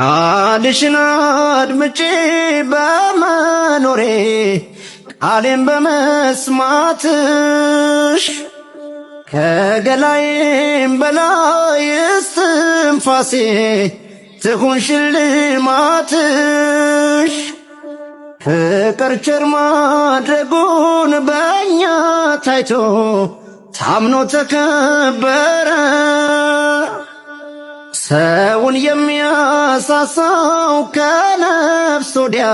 ቃልሽን አድምጬ በመኖሬ ቃሌን በመስማትሽ ከገላዬም በላይ እስትንፋሴ ትሁን ሽልማትሽ ፍቅር ቸር ማድረጉን በእኛ ታይቶ ታምኖ ተከበረ። ሰውን የሚያሳሳው ከነፍስ ወዲያ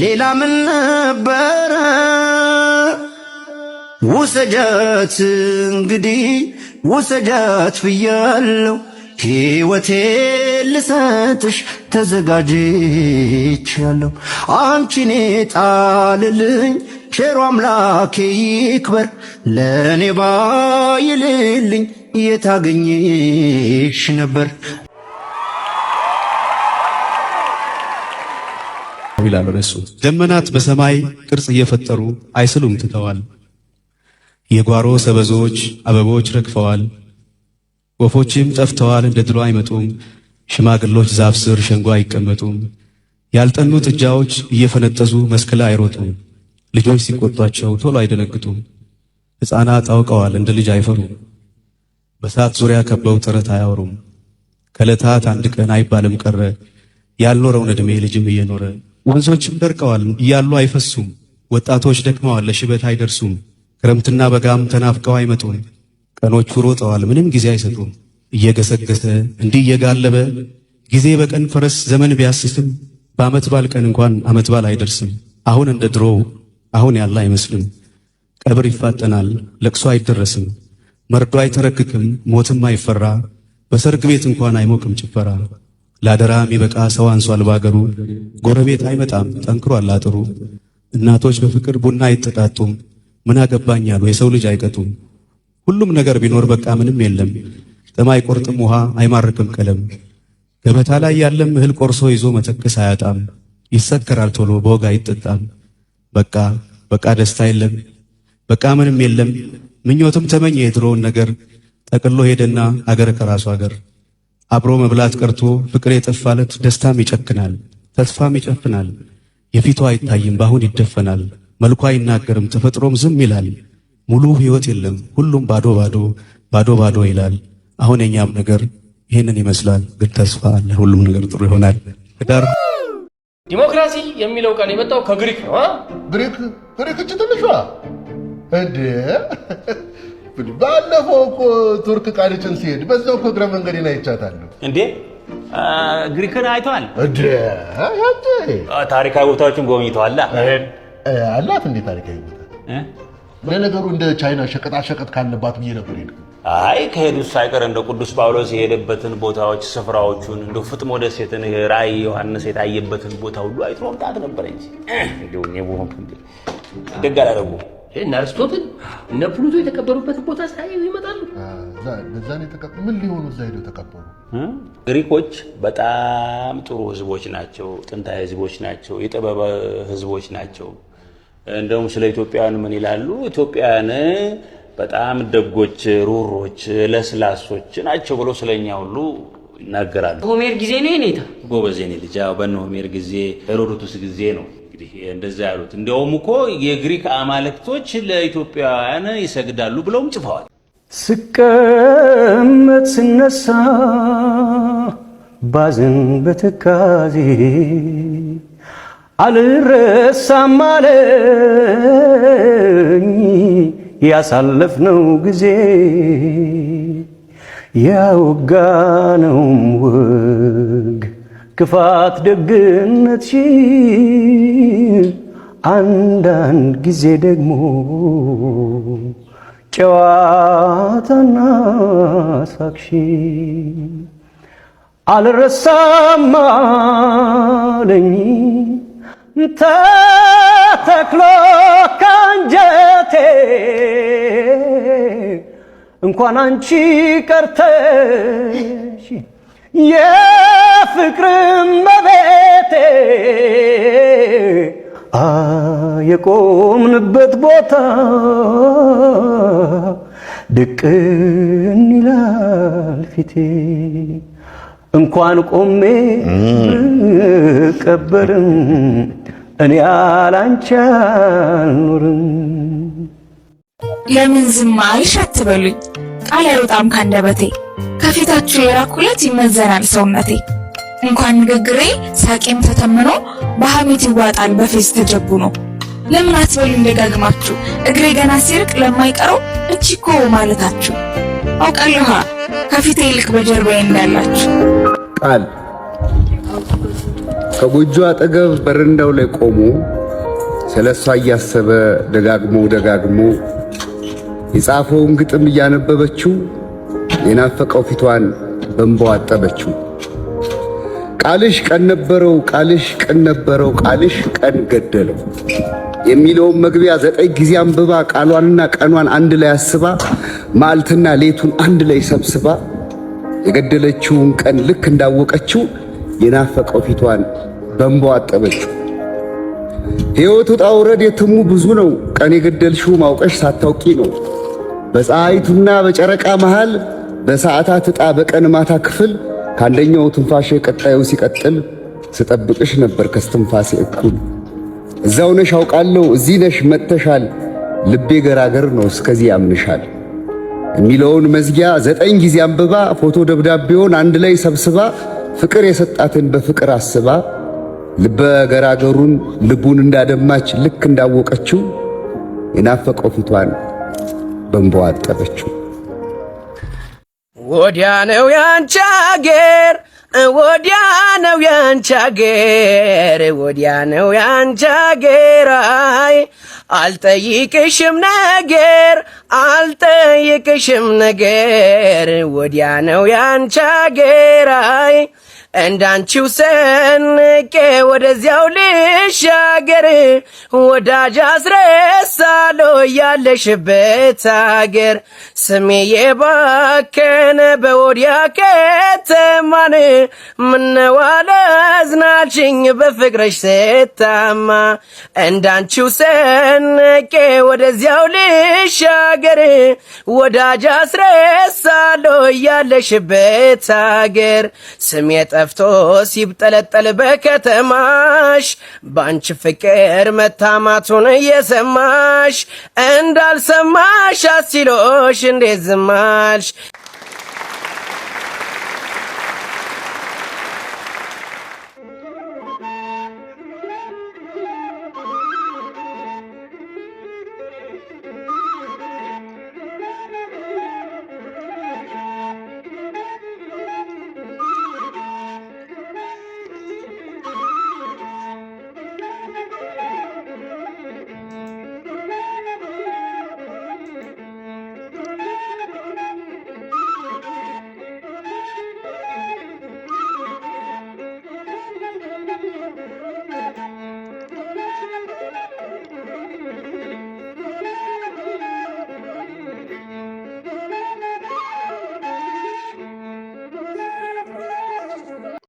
ሌላ ምን ነበረ? ውሰጃት እንግዲህ ውሰጃት ብያለሁ፣ ሕይወቴ ልሰጥሽ ተዘጋጅቻለሁ። አንቺን ጣልልኝ ቸሮ አምላክ ይክበር ለእኔ ባይልልኝ የታገኘሽ ነበር ይላል ደመናት በሰማይ ቅርጽ እየፈጠሩ አይስሉም ትተዋል። የጓሮ ሰበዞች አበቦች ረግፈዋል። ወፎችም ጠፍተዋል፣ እንደ ድሮ አይመጡም። ሽማግሎች ዛፍ ስር ሸንጎ አይቀመጡም። ያልጠኑ ጥጃዎች እየፈነጠዙ መስክላ አይሮጡም። ልጆች ሲቆጧቸው ቶሎ አይደነግጡም። ሕፃናት አውቀዋል፣ እንደ ልጅ አይፈሩም። በእሳት ዙሪያ ከበው ተረት አያወሩም። ከዕለታት አንድ ቀን አይባልም ቀረ ያልኖረውን ዕድሜ ልጅም እየኖረ ወንዞችም ደርቀዋል እያሉ አይፈሱም። ወጣቶች ደክመዋል፣ ለሽበት አይደርሱም። ክረምትና በጋም ተናፍቀው አይመጡም። ቀኖቹ ሮጠዋል፣ ምንም ጊዜ አይሰጡም። እየገሰገሰ እንዲህ እየጋለበ ጊዜ በቀን ፈረስ ዘመን ቢያስስም በዓመት ባል ቀን እንኳን ዓመት ባል አይደርስም። አሁን እንደ ድሮው አሁን ያለ አይመስልም። ቀብር ይፋጠናል፣ ለቅሶ አይደረስም፣ መርዶ አይተረክክም፣ ሞትም አይፈራ፣ በሰርግ ቤት እንኳን አይሞቅም ጭፈራ። ላደራ የሚበቃ ሰው አንሷል ባገሩ፣ ጎረቤት አይመጣም ጠንክሮ አላጥሩ። እናቶች በፍቅር ቡና አይጠጣጡም፣ ምን አገባኝ ያሉ የሰው ልጅ አይቀጡም። ሁሉም ነገር ቢኖር በቃ ምንም የለም፣ ጥም አይቆርጥም ውሃ አይማርክም ቀለም። ገበታ ላይ ያለም እህል ቆርሶ ይዞ መተከስ አያጣም፣ ይሰከራል ቶሎ በወግ አይጠጣም። በቃ በቃ ደስታ የለም፣ በቃ ምንም የለም። ምኞትም ተመኘ የድሮውን ነገር ጠቅሎ ሄደና አገር ከራሱ አገር አብሮ መብላት ቀርቶ ፍቅር የጠፋለት ደስታም ይጨክናል፣ ተስፋም ይጨፍናል። የፊቷ አይታይም፣ በአሁን ይደፈናል። መልኳ አይናገርም፣ ተፈጥሮም ዝም ይላል። ሙሉ ህይወት የለም፣ ሁሉም ባዶ ባዶ ባዶ ባዶ ይላል። አሁን የኛም ነገር ይህንን ይመስላል፣ ግን ተስፋ አለ። ሁሉም ነገር ጥሩ ይሆናል። ዲሞክራሲ የሚለው ቃል የመጣው ከግሪክ ነው። ግሪክ ግሪክ እች ትንሿ እንዴ! ባለፈው እኮ ቱርክ ቃልችን ሲሄድ በዛው እኮ መንገድ መንገዴን አይቻታለሁ። እንዴ ግሪክን አይተዋል? ታሪካዊ ቦታዎችን ጎብኝተዋላ አላት። እንዴ ታሪካዊ ቦታ ለነገሩ እንደ ቻይና ሸቀጣሸቀጥ ካለባት ብዬ ነበር ሄድኩ አይ ከሄዱት ሳይቀር እንደ ቅዱስ ጳውሎስ የሄደበትን ቦታዎች ስፍራዎቹን እንደ ፍጥሞ ደሴትን ራእይ ዮሐንስ የታየበትን ቦታ ሁሉ አይቶ መምጣት ነበር እንጂ ደግ አላደረጉ። እነ አርስቶትል እነ ፕሉቶ የተቀበሩበት ቦታ ሳይ ይመጣሉ። ምን ሊሆኑ እዛ ሄደው ተቀበሩ? ግሪኮች በጣም ጥሩ ህዝቦች ናቸው። ጥንታዊ ህዝቦች ናቸው። የጥበብ ህዝቦች ናቸው። እንደውም ስለ ኢትዮጵያውያን ምን ይላሉ? ኢትዮጵያውያን በጣም ደጎች፣ ሩሮች፣ ለስላሶች ናቸው ብሎ ስለኛ ሁሉ ይናገራሉ። ሆሜር ጊዜ ነው ኔታ ጎበዜ ኔ ልጅ በነ ሆሜር ጊዜ ሄሮዶቱስ ጊዜ ነው እንግዲህ እንደዛ ያሉት። እንዲያውም እኮ የግሪክ አማልክቶች ለኢትዮጵያውያን ይሰግዳሉ ብለውም ጭፈዋል። ስቀመጥ ስነሳ ባዝን በትካዜ አልረሳም አለኝ ያሳለፍነው ጊዜ ያወጋነውም ወግ ክፋት ደግነት ሺ አንዳንድ ጊዜ ደግሞ ጨዋታና ሳክሺ አልረሳም አለኝ ተክሎ ካንጀቴ እንኳን አንቺ ቀርተሽ የፍቅርም መቤቴ የቆምንበት ቦታ ድቅን ይላል ፊቴ እንኳን ቆሜ ቀበርም እኔ አላንቺ አልኖርም። ለምን ዝም አልሽ አትበሉኝ፣ ቃል አይወጣም ካንደበቴ። ከፊታችሁ የራኩለት ይመዘናል ሰውነቴ። እንኳን ንግግሬ ሳቄም ተተምኖ በሐሜት ይዋጣል በፌዝ ተጀቡኖ። ለምን አትበሉኝ ደጋግማችሁ እግሬ ገና ሲርቅ ለማይቀረው እቺኮ ማለታችሁ አውቃለኋ ከፊቴ ይልቅ በጀርባዬ እንዳላችሁ ቃል ከጎጆ አጠገብ በረንዳው ላይ ቆሞ ስለ እሷ እያሰበ ደጋግሞ ደጋግሞ የጻፈውን ግጥም እያነበበችው የናፈቀው ፊቷን በእንባዋ አጠበችው። ቃልሽ ቀን ነበረው፣ ቃልሽ ቀን ነበረው፣ ቃልሽ ቀን ገደለው የሚለውን መግቢያ ዘጠኝ ጊዜ አንብባ ቃሏንና ቀኗን አንድ ላይ አስባ ማልትና ሌቱን አንድ ላይ ሰብስባ የገደለችውን ቀን ልክ እንዳወቀችው የናፈቀው ፊቷን በንቦ አጠበች ሕይወት ውጣ ውረድ የትሙ ብዙ ነው። ቀን የገደልሽው ማውቀሽ ሳታውቂ ነው። በፀሐይቱና በጨረቃ መሃል በሰዓታት ዕጣ በቀን ማታ ክፍል ከአንደኛው ትንፋሽ ቀጣዩ ሲቀጥል ስጠብቅሽ ነበር ከስትንፋሴ እኩል እዛው ነሽ አውቃለሁ እዚህ ነሽ መጥተሻል ልቤ ገራገር ነው እስከዚህ ያምንሻል የሚለውን መዝጊያ ዘጠኝ ጊዜ አንብባ ፎቶ ደብዳቤውን አንድ ላይ ሰብስባ ፍቅር የሰጣትን በፍቅር አስባ ልበ ገራገሩን ልቡን እንዳደማች ልክ እንዳወቀችው የናፈቀው ፊቷን በእንባ አጠበችው። ወዲያ ነው ያንቺ አገር ወዲያ ነው ያንቺ አገር ወዲያ ነው ያንቺ አገር አይ አልጠይቅሽም ነገር አልጠይቅሽም ነገር ወዲያ ነው ያንቺ አገር አይ እንዳንቺው ሰንቄ ወደዚያው ልሻገር ወዳጅ አስረሳሎ ያለሽበት አገር ስሜ የባከነ በወዲያ ከተማን ምነዋለ ዝናልሽኝ በፍቅረሽ ስታማ እንዳንቺው ሰንቄ ወደዚያው ልሻገር ወዳጅ አስረሳሎ ያለሽበት አገር ስሜ ጠፍቶ ሲብጠለጠል በከተማሽ በአንቺ ፍቅር መታማቱን እየሰማሽ እንዳልሰማሽ አስችሎሽ እንዴት ዝማልሽ